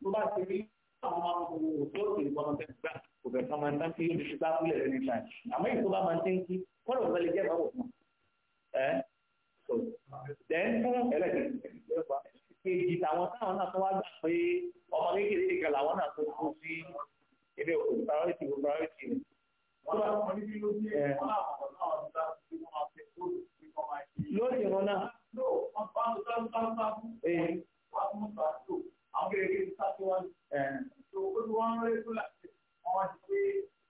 tó bá ti rí àwọn ohun tó ti rí ọmọ tẹ́lẹ̀ gbà kò fẹ́ kọ́ máa ń tán kí yóò ṣe lábúlẹ̀ rẹ̀ níta àmọ́ ìtò bá máa ń tẹ́ńkì kọ́lọ̀ ọ̀fẹ́ lè jẹ́ ìbáwọ̀ fún ẹ́ so then fún ẹlẹ́gbẹ̀ẹ́ kejì tàwọn táwọn náà tó wá gbà pé ọmọ kékeré nìkan làwọn náà tó kú sí ilé òkú priority for priority. lórí ìran náà àwọn kékeré ti sá tiwọn ẹ̀ tó ó ti wọ́n rẹ́ tó láti àwọn ti pé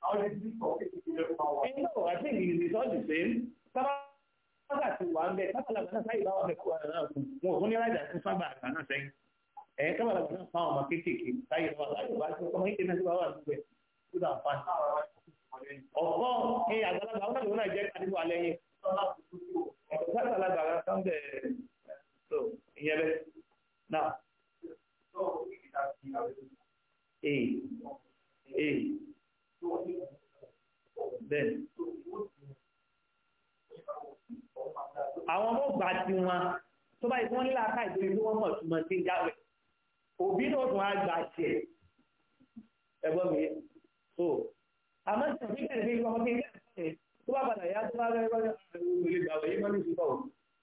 àwọn ti ti sọ kékeré lẹ́kọ̀ọ́ máa wà. ẹ náà wá sí ìrìn ìrìn sọ́ọ̀dì pé sábà ti wà ń bẹ sábàlàgbà náà sáyé báwọn ẹ̀kọ́ àná náà fún wọn ò fún ní rájà fún sábà àgbà náà sẹ́yìn ẹ̀ sábàlàgbà náà fún àwọn ọmọ kéékèèké sáyé báwọn láyé wá sí ọmọ ìdènà sí àgbàlagbà wọn náà lòun náà jẹ́ àdúgbò alẹ́ yẹn ọ̀pọ̀ sábàlàgbà náà sọ́ńdẹ̀ so ìyẹn bẹ́ẹ̀ náà. Ei, ei, bẹ́ẹ̀. Àwọn ọmọ ọgbà tí wọn tó bá ìfún nílá ká ìgbé ní wọ́n mọ̀ túnmọ̀ sí jáwẹ̀. Òbí náà tún á gbà tiẹ̀. Ẹgbọ́n mi, so, àmọ́ ìsìn bí kẹ̀lé bí wọ́n ti ń kẹ̀lé tó bá padà yá tó bá rẹ̀ wọ́n lè gbà wẹ̀ yí mọ́ ní ìsìnkọ̀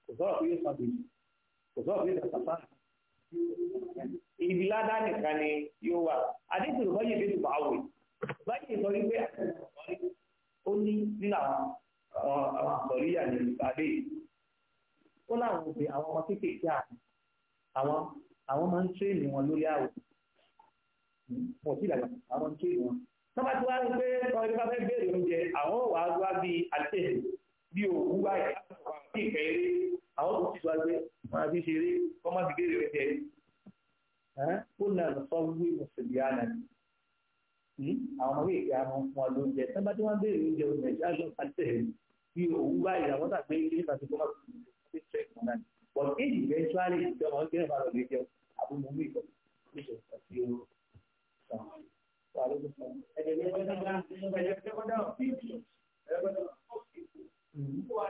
kò sọ̀rọ̀ kò yóò sọ̀rọ̀ ibi ládá nìkan ni yóò wà adékùnrin báyìí bí tùbà wò báyìí sọ wípé ó ní nínú àwọn àwọn àkọríyà ní ìpàdé ó láwọn òbí àwọn ọmọ kéékèèké àwọn àwọn máa ń tréènì wọn lórí àwò pọ̀ sí ìlànà àwọn ń tréènì wọn tọ́ba tí wàá rí pé ọmọ ìdíbà fẹ́ bẹ̀rẹ̀ oúnjẹ àwọn ò wá wá bíi àtẹ̀ bíi òwú báyìí láti sọ̀rọ̀ àti ìfẹ́ eré àwọn tó ti wá gbé máa fi ṣeré kọ́ má fi kéré rẹ̀ ó nà lọ sọ wí mùsùlùmí àná ni àwọn ọmọ yìí kí a mọ fún wa lóúnjẹ tí wọ́n bá tí wọ́n béèrè oúnjẹ oúnjẹ ṣáájú àtẹ̀ bí òun bá ìyàwó tàgbé kí nípa tó má fi ṣe ṣe ìkànnà ni but kéjì eventually ìjọba ń kéré balọ̀ lè jẹun àbúmọ̀ mú ìkọ̀ níjọ àti ewu sàn. Ẹ̀jẹ̀ ni wọ́n dá ẹ̀jẹ̀ ni wọ́n dá ọ̀fíìsì ẹ̀rọ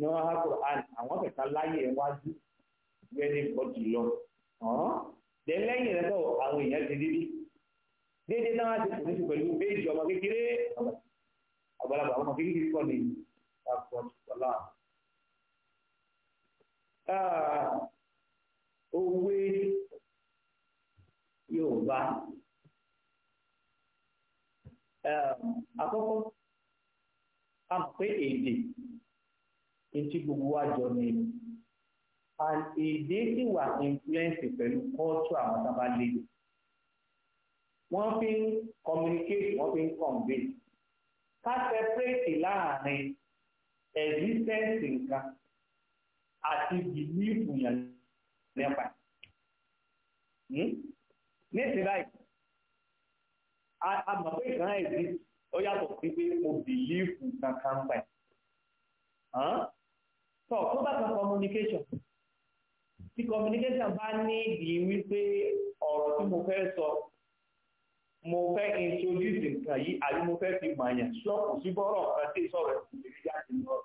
ní wọ́n há Quran àwọn kẹta láyé ẹ̀ wájú wẹ́rẹ́ bọ́dì lọ. Dẹ̀ lẹ́yìn rẹ̀ náà àwọn èèyàn ti dédé. Dédé náà ti kò ní ti pẹ̀lú béèjì ọmọ kékeré. Àgbàlagbà ọmọ kékeré kọ́ ni àpọ̀tọ̀lá. Owó Yorùbá. Àkọ́kọ́, a mọ̀ pé èdè etí gbogbo wa jọ ní and èdè sì wà influence pẹ̀lú culture àwọn tá a bá lédè wọ́n fi ń communicate wọ́n fi ń convey ká separate láàrin existence nǹkan àti belief yẹn nípa hmm? nísìnyí báyìí a mọ̀ pé ìkan exist ó yàtọ̀ sí pé mo belief nǹkan kan pẹ̀ tọ́ tó bá kan communication tí communication bá ní ìdí wípé ọ̀rọ̀ tí mo fẹ́ sọ mo fẹ́ introduce nǹkan yìí àbí mo fẹ́ fi mọ̀ọ́yàn ṣọ́ọ̀kù sí bọ́rọ̀ kan tí sọ̀rọ̀ ẹ̀sìn ìrírí jáde lọ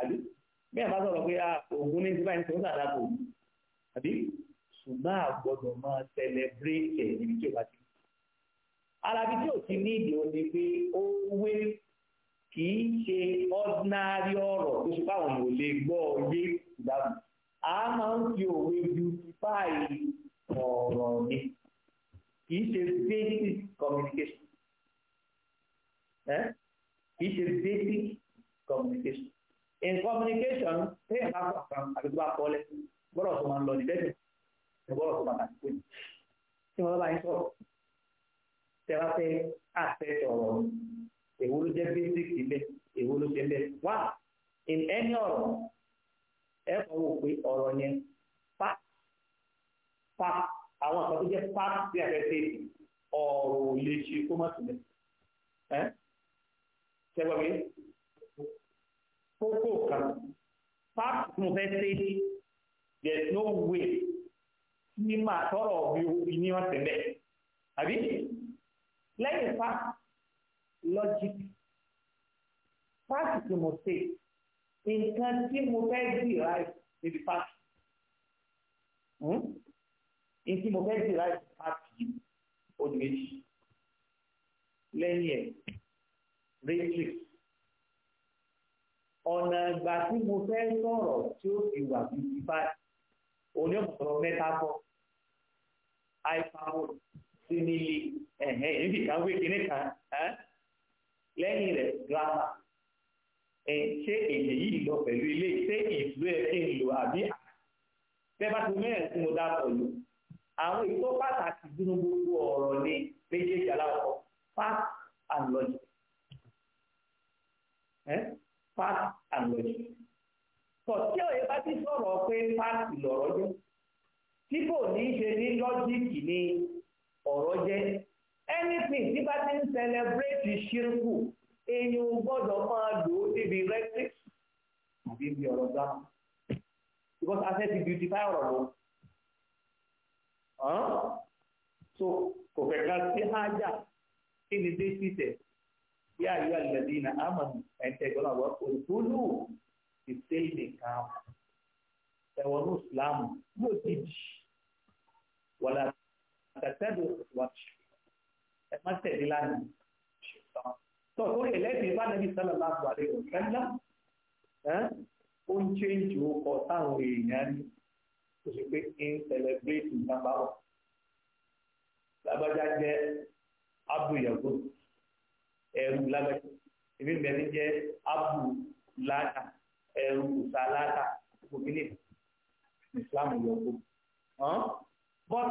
àbí bí àbá sọ̀rọ̀ pé ah, ògùn ní síbáyìí tó ń sàdáàbò àbí ṣùgbọ́n àgbọ̀dọ̀ máa celebrate ẹ̀ níbi tí ò bá ti. alábi tí ò ti ní ìdí òní pé ó wé kì í ṣe ordinary ọ̀rọ̀ tó ṣe báwọn ò lè gbọ́ yé ìdáhùn a máa ń fi òwe beautify ọ̀rọ̀ ni kì í ṣe basic communication kì í ṣe basic communication in communication pay half of am àti tó bá kọ́ lẹ́ gbọ́dọ̀ tó máa ń lọ ní bẹ́ẹ̀ ni gbọ́dọ̀ tó pàtàkì pé tí wọ́n bá yín sọ̀rọ̀ tẹ́wọ́ fẹ́ àfẹ́ sọ̀rọ̀ èwo ló jẹ́ basic bẹ́ẹ̀ èwo ló jẹ́ bẹ́ẹ̀ wá in any ọ̀rọ̀ ẹ kàn wò pé ọ̀rọ̀ yẹn pa pa àwọn àkọ́kọ́ jẹ́ pa sí àfẹ́sẹ̀ ọ̀rọ̀ ò lè ṣe kó má sílẹ̀ ẹ́ ṣẹ́gbọ́n mi kókó kan pa mo fẹ́ ṣe there is no way ní màá tọrọ bí ní ọ̀sẹ̀ bẹ́ẹ̀ àbí lẹ́yìn pa logic fáàtì tí mo ṣe nǹkan tí mo fẹ́ dì ráì níbi fáàtì hmm? nǹkan tí mo fẹ́ dì ráì fáàtì odò méjì lẹ́yìn ẹ̀ matrix ọ̀nà ìgbà tí mo fẹ́ sọ̀rọ̀ tí ó fi wà bí ti fáàtì òní ọ̀pọ̀lọpọ̀ mẹ́ta bọ̀ iphone sí nílé ẹ̀hẹ́ ìdíkàwé kìnnìkan lẹ́yìn rẹ̀ gírámà ṣé èyí yìí lọ pẹ̀lú ilé ṣé ìlú ẹ̀ kí n lò àbí tẹ́bá ti mẹ́rin tí mo dábọ̀ lò àwọn ìtọ́ pàtàkì dúró gbogbo ọ̀rọ̀ ní méjèèjì aláwọ̀ fact and logic fact and logic tọ̀ tí òye bá ti sọ̀rọ̀ pé fact lọ̀rọ̀ jẹ́ tí kò ní í ṣe ní lọ́jíìkì ni ọ̀rọ̀ jẹ́ anything tí bá ti ń celebrate ṣírkù èèyàn ò gbọ́dọ̀ máa lò ó níbi rẹ́tíx àbí ibi ọ̀rọ̀ gbá because asset ti beautify ọ̀rọ̀ lọ. so kò fẹ́ ká sí ájà kí ni dé sí tẹ̀ bí àyè àlùbẹ̀dì iná àmọ̀nù ẹ̀ńtẹ̀ gbọ́dọ̀ wọ́n kò gbólú ìsẹ́lẹ̀ kan ẹ̀wọ̀n ní Islam yóò ti jì wọ́n la tẹ̀tẹ̀ lọ wọ́n ti ẹ má tẹ̀lé lánàá ṣùgbọ́n tó o lè lẹ́sìn bá nàbí sálà láàbù àlẹ́ òṣèlú ó ń chéǹjì orúkọ táwọn èèyàn ní kò sí pé ń sẹlẹbírètì ìdábàbọ̀ lágbájá jẹ́ abdulyago ẹrù lágbájá èmi bẹ̀rẹ̀ jẹ́ abdulata ẹrù salata gbogbo ní islam yọ̀gbọ́ but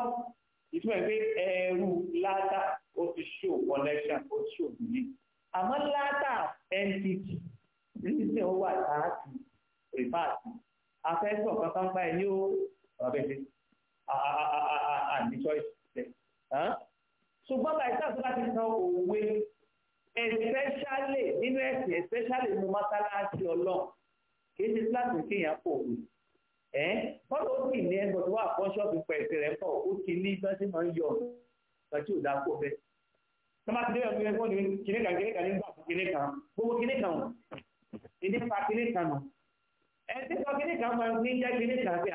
ìtumọ̀ ẹ̀ pé ẹrù lata ó ti ṣó connection ó ti ṣó bìlí àmọ́ látà entity nígbà ó wà láti rìfáàsì afẹ́sọ̀ kankan pa ẹ̀ ní ó ọ̀bẹ̀dẹ̀ àní choice rẹ̀ ṣùgbọ́n bàtà ìṣàkóso láti san òwe especially nínú ẹ̀sìn especially nínú mọ́sálásí ọlọ́run kìí ṣe láti kéèyàn pò wí ẹ́ bọ́lá ó sì ní ẹgbẹ́ tó wà fún ṣọ́ọ̀bù pẹ̀sẹ̀ rẹ̀ pọ̀ ó ti ní bí wọ́n ṣe máa ń yọ ọ̀gá tí ò dáa kó bẹ́ẹ̀ tọ́ba ti dẹ́rẹ̀ fún ẹgbẹ́ kìnní kan kìnní kan ní gbà kìnní kan gbogbo kìnní kan o ìdí pa kìnní kan nù ẹ ti sọ kìnní kan máa ní jẹ́ kìnní kan sí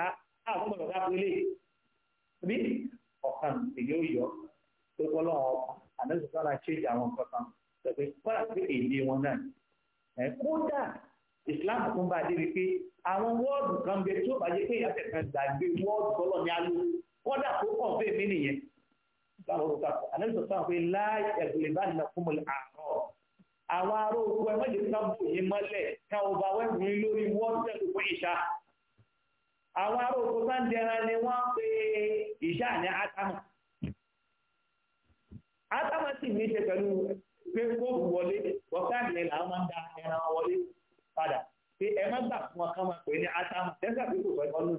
àgbọ̀n ọ̀gá pélé bí ọ̀kan èyí ó yọ pé kọ́lọ́ àdéhùn sára ṣéjì àwọn nǹkan kan tẹ̀pẹ́ kọ́lá sí èdè wọn náà ẹ̀ kódà ìsìláàmù tún bá débi pé àwọn wọ́ọ̀dù kan bẹ tó bàjẹ́ pé ìyá táwọn orúkọ àpò ànábì sọ sáwọn pé láì ẹ̀gbìn bá nà fún mi àárọ̀ àwọn ará oko ẹ mọ̀lẹ́ ká bò yín mọ́lẹ̀ ká o bá wẹ́gùn yín lórí wọ́ọ̀tẹ̀ tó fún ìṣá àwọn ará oko bá ń dẹran ni wọ́n pe ìṣá ní átámà átámà sì ní í ṣe pẹ̀lú pé kóòbù wọlé wọ́ọ̀káàdì ẹ̀ làwọn máa ń da ẹran wọlé padà pé ẹ má gbà fún ọkàn máa pè ní átámà tẹ́sà pé kò fẹ́ ọlọ́run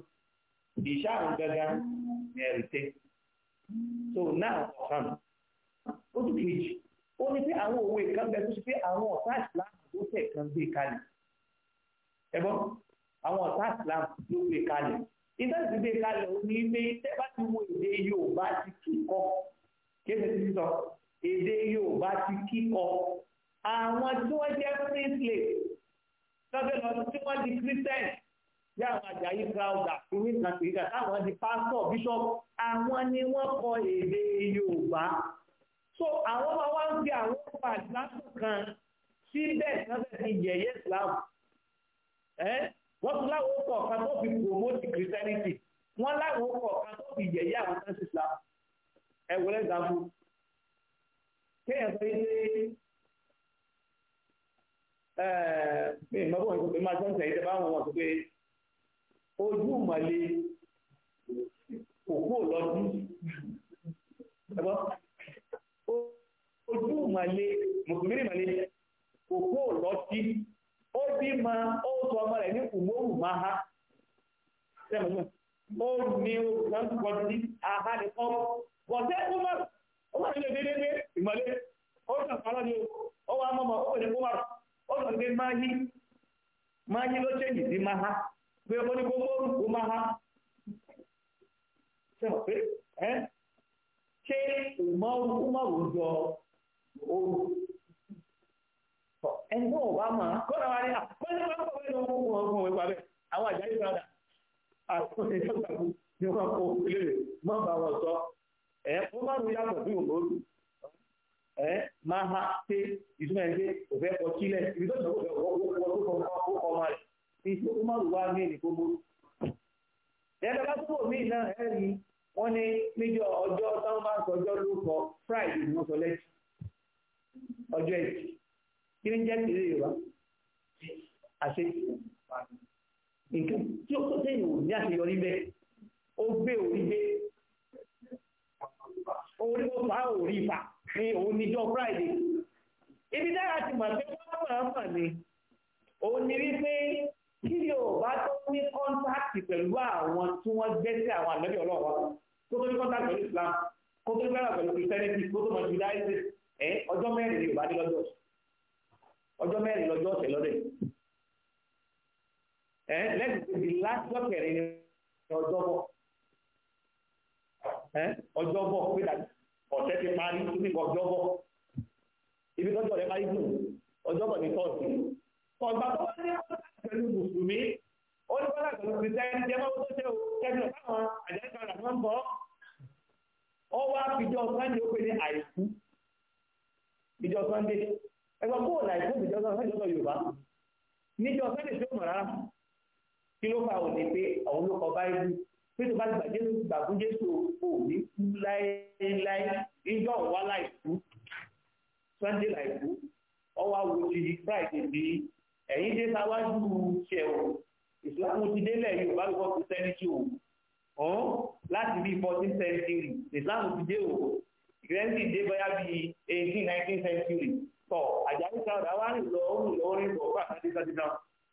ìṣá àwọn gangan ní ẹ̀rì tẹ́ so now ọ̀sán um, ó tún kejì ó ní pé àwọn òwe kan bẹ tó ṣe pé àwọn ọ̀tá ìsìláàmù ló fẹ̀ kan gbé kalẹ̀ ẹ̀gbọ́n àwọn ọ̀tá ìsìláàmù ló gbé kalẹ̀ ìtàn ti gbé kalẹ̀ ó ní pé tẹ́ bá ti wo èdè Yorùbá ti kíkọ kéde ti sọ èdè Yorùbá ti kíkọ àwọn tí wọ́n jẹ́ free slave lọ́dọ̀ lọ tí wọ́n di Christian bí àwọn àjàyí gráúdà kìíní nàìjíríà táwọn di pásítọ̀ bíṣọ́pù àwọn ni wọ́n kọ èdè yorùbá so àwọn máa wá ń fi àwọn ọkọ̀ àdìláṣù kan síbẹ̀ sábẹ̀ fi yẹ̀yẹ́ islam ẹ́ wọ́n tún láwọn ọkọ̀ kan tó fi promote christianity wọ́n láwọn ọkọ̀ kan tó fi yẹ̀yẹ́ àwọn sáńsì islam ẹ wọlé ìdààmú kéèyàn sọ yé ẹ̀ẹ́dẹ́gbẹ̀rún ìgbàgbọ́ ìgbàgbọ́ máa sọ́ńsẹ̀ yìí tẹ́ bá wọn wọ̀ sí pé ojú ìmọ̀lẹ̀ òkú lọ́dí ẹgbọ́ ojú ìmọ̀lẹ̀ mùsùlùmí ìmọ̀lẹ̀ òkú lọ́dí ó bí ma ó sọ ọmọ rẹ̀ ní ìmọ̀rù máa ha ó ní ogun kọjú aha ní kọ́ bọ̀tẹ́ umar umar ilé dédé ìmọ̀lẹ̀ ó sọ ọmọ ní ó wá mọ́mọ́ ó pè ní umar ó sọ ní máa yí máa yí ló ṣe yìí máa ha pé ọmọ ní gbogbo orúkọ máa ha sẹ́wọ̀n pé ẹ́ ṣé ìmọ̀ orúkọ máa wò jọ ooru ẹni tó máa kọ́ra wa ní àkọ́lé máa ń kọ́ bẹ́ẹ̀ lọ́wọ́ fún ọgbọ́n òwe pa bẹ́ẹ̀ àwọn padà àwọn ìjọba ni wọ́n kó lè má bá wọn sọ ẹ̀ ó má rú yàtọ̀ bí òun lórí ẹ̀ máa ha ṣe ìtumọ̀ ẹ̀ òfẹ́ kọ sílẹ̀ ibi tó ti kọ́ ọ̀pọ̀ ọ̀pọ̀ ọ̀pọ̀ ọ̀pọ̀ ọ̀pọ̀ ọ̀pọ̀ iṣẹ́ umaru wá ní èdè tó burú. Ẹ̀ẹ́dẹ́ bá túbọ̀ mí náà ẹ̀ rí wọ́n ní níjọ ọjọ́ táwọn bá ń sọ ọjọ́ lórúkọ Friday ni wọ́n sọ lẹ́tì ọjọ́ ẹ̀tì kí ni jẹ́ tìrẹ Yorùbá àṣẹ nǹkan tí ó tó sẹ́yìn ò ní àṣeyọrí ni òun ní kí ni ò bá tó ní kọ́ńtáàtì pẹ̀lú àwọn tí wọ́n gbẹ́sẹ̀ àwọn àlẹ́bí ọlọ́wọ́ kó tó ní kọ́ńtáàtì pẹ̀lú Islam kó tó ní kọ́ńtáàtì pẹ̀lú Christianity kó tó mọ Judaism ẹ ọjọ́ mẹ́rin ni ò bá dé lọ́jọ́ ọjọ́ mẹ́rin lọ́jọ́ ọ̀sẹ̀ lọ́dẹ̀ ẹ lẹ́sìn ti di lájọ́ kẹrin ni ọjọ́ bọ̀ ẹ ọjọ́ bọ̀ pé dàbí ọ̀sẹ̀ ti parí ní ọjọ́ bọ̀ ibi tọ́jú ọ̀rẹ́ parí gùn ọjọ́ bọ̀ kọ̀gbà tó wọ́n ní pẹ̀lú mùsùlùmí ó ní tó ṣe o kẹ́kẹ́ táwọn àjẹ́ká rà wọ́n bọ́ ó wá fìjọ sunday ó pè ní àìkú ìjọ sunday ẹgbẹ́ kó là ìkú ìjọ sunday yorùbá níjọ sunday tó mọ̀ rárá kí ló òní pé ló kọ báyìí pé tó bá gbà fún jésù ní kú láéláé ìjọ láìkú sunday láìkú ẹ̀yin dé sáwájú ṣe o ìsìláàmù ti délẹ̀ yorùbá lùkọ́ tó sẹ́nìtì o ọ̀hún láti bí th century ìsìláàmù ti dé o ìrẹ́ǹtì dé bóyá bí eighteen nineteen century tọ̀ àjálù sáwọ́dà wà ń lọ ó ń lọ orin lọ fún àtàdé sátidá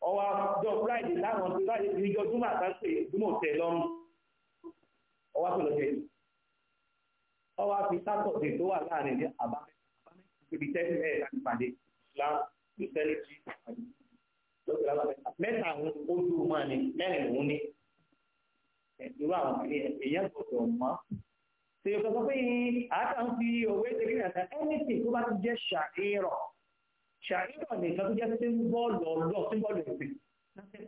ọwọ́ jọ friday láwọn tó láyé ti jọ júmọ̀ àtàkùn ìdúmọ̀ tẹ̀ lọ́rùn ọwọ́ tó lọ jẹ́ yìí ọwọ́ fi sátọ̀dẹ̀ tó wà láàrin àbámẹ́ àbámẹ́ ibi tẹ́lẹ̀ ẹ̀ láti pàdé láti tẹ́lẹ̀ jí àdúgbò mẹ́ta àwọn ojú máa ní mẹ́rin òun ní irú àwọn èèyàn gbọ́dọ̀ mọ́ ṣe yóò sọ pé àátàn fi òwe tẹ̀lé nàta ẹnìtì tó bá ti jẹ́ ṣàìrọ̀ ṣàìrọ̀ nìkan tó jẹ́ símbọ́ọ̀lù ọlọ́ símbọ́ọ̀lù ẹ̀sìn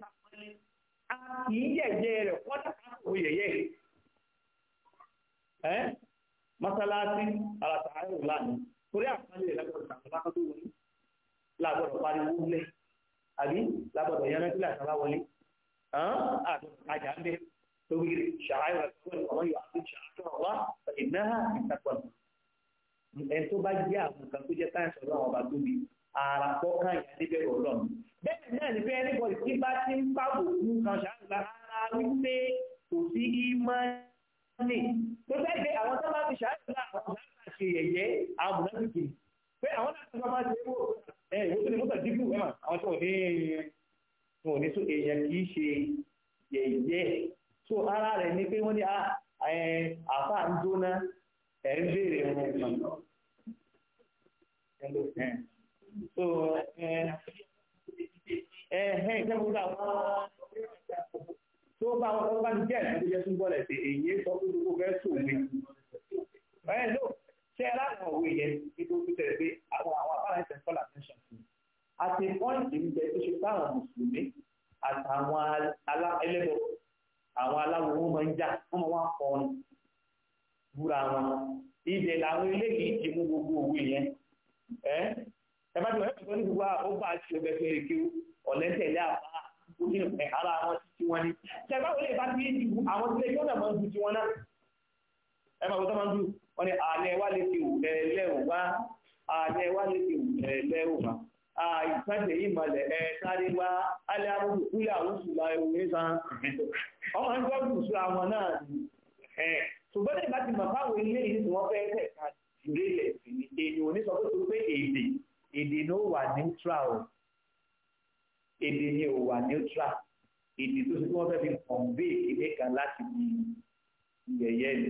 a kì í yẹ̀yẹ́ rẹ̀ kọ́dà káàkiri yẹ̀yẹ́ ẹ́ mọ́sálásí àlàtà àìrò lánàá torí àpálẹ̀ lágbọ̀dọ̀ sàkọ́lá tó wọlé lágbọ̀dọ̀ pariwo lẹ́yìn àbí lábọ̀dọ̀ yẹn rántí láti bá wọlé àjà ń bẹ torí rẹ̀ ṣàáyọ̀ ẹ̀kọ́ ọ̀rọ̀ yóò àti ṣàáyọ̀ ọ̀wá ìnáhà ìtàkùn ẹni tó bá jẹ́ àwọn nǹkan tó jẹ́ sáyẹ̀nsì ọlọ́run ọba tóbi ara kọ́kàn yà níbẹ̀ ọlọ́run bẹ́ẹ̀ náà ni pé ẹnìbọ̀dì tí bá ti ń pàbò fún kan ṣàáyọ̀ ara wípé kò sí ìmọ̀ọ́nì tó fẹ́ ìwò tó ní mọ́tà dípù ẹ̀mà àwọn tó ní wọn ní tó èèyàn kì í ṣe yẹ̀yẹ́ tó ara rẹ̀ ní pé wọ́n ní ah, àfà ń jóná ẹ̀ ń béèrè wọn so ẹ̀hẹ́n ìjẹ́bùrú àwọn tó bá wọn bá ń jẹ́ ìjẹ́ tó ń bọ́lẹ̀ sí èyí sọ pé gbogbo fẹ́ sòwé ẹ̀ ṣé ẹ láwọn òwe yẹn nítorí tó tẹ̀lé pé àwọn àwọn afárá ẹ̀sẹ̀ kọ́lá attention sí i àti pọ́ǹtì ń bẹ tó ṣe fáwọn mùsùlùmí àtàwọn ẹlẹ́bọ̀ àwọn aláwo wọn máa ń jà wọn máa wá kọrin búra wọn ibẹ̀ làwọn eléyìí ti mú gbogbo òwe yẹn ẹ ẹ bá ti ẹ̀sìn tó ní gbogbo àwọn ọba àti ọbẹ̀ fẹ́rẹ̀ kí ọ̀lẹ́tẹ̀lé àbá ojú ara wọn ti ti wọn ni ṣẹ̀gbọ́n ẹgbà tó máa ń dùn wọ́n ní ààlẹ́ wá lè fi wùlẹ̀ lẹ́wọ̀n wá ààlẹ́ wá lè fi wùlẹ̀ lẹ́wọ̀n wá àìsànjẹ̀ yìí mọ̀lẹ̀ ẹ sáré wá alẹ́ amúlù kúlẹ̀ àwùjù la ewu ní san ọmọ ń gbọ́ jù sí àwọn náà ṣùgbọ́n nígbà tí màmá àwọn ilé yìí tí wọ́n fẹ́ tẹ̀ ká ìdílé sí ni èdè òní sọ pé èdè èdè ni ó wà neutral èdè ni ó wà neutral èdè tó ṣe tí wọ́n fẹ́ fi convey ìdíkan láti bí yẹ̀yẹ́ ni.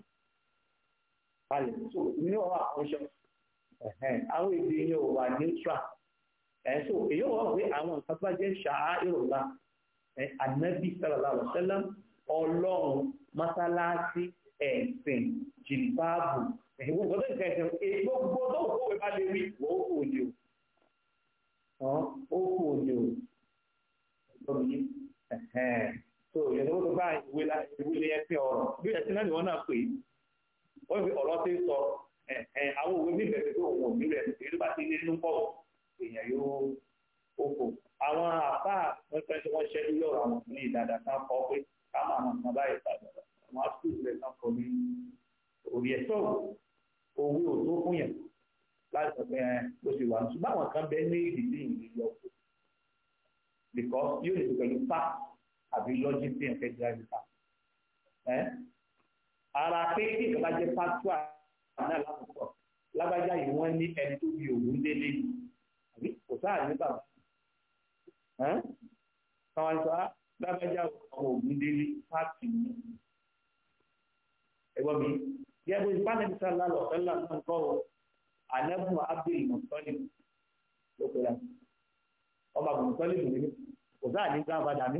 palẹ̀ so ní ọ̀rọ̀ àkọ́ṣọ́ àwọn èdè yẹn ò wà neutral so èyí wọ́n pé àwọn nǹkan tó bá jẹ́ ṣáá ìrọ̀lá ànábì sallallahu alaihi wasallam ọlọ́run mọ́sálásí ẹ̀sìn jìlìbáàbù ìwọ̀n gbọ́dọ̀ nǹkan ẹ̀sìn èyí gbogbo tó kó wẹ́ bá lè rí wọ́n kò ní o ó kò o lọ́rùn yìí so ìyẹn tó bá ìwé ẹ̀sìn ọ̀rọ̀ bí ẹ̀sìn náà ni wọ́n náà pè é ó ní ọ̀rọ̀ tí ń sọ àwọn òwe mi bẹ̀rẹ̀ pé òun ò ní rẹ̀ èyí ló bá ti ní inú pọ̀ èèyàn yóò kókò àwọn àbá pẹpẹ tí wọ́n ṣẹ́lú yọ̀rọ̀ àwọn ní ìdàdà kan kọ pé ká máa mọ̀ nǹkan báyìí tàbí àwọn asúlù rẹ̀ kan kọ ní orí ẹ̀ owó ò tó fún yẹn láti sọ pé bó ṣe wà ní ṣùgbọ́n àwọn kan bẹ ní ìdílé ìlú yọ because yóò lè pẹ̀lú fact àbí logic tí ẹ̀ fẹ́ jáde ara pé kí ìjọba jẹ́ pátúà náà lákòókò lágbájá yìí wọ́n ní ẹni tó fi òun délé àbí kò sáà ní bàbá káwọn sọ ah, lágbájá ọmọ òun délé pátì ní ẹ̀gbọ́n mi gẹ́gẹ́ bí pánẹ́bí sálá lọ́sẹ́lá náà kọ́ ọ anẹ́bùn abdul mọ̀tọ́lì ló pẹ̀lú ọmọ àbùmọ̀tọ́lì ló ní kò sáà ní gbàgbádà mi.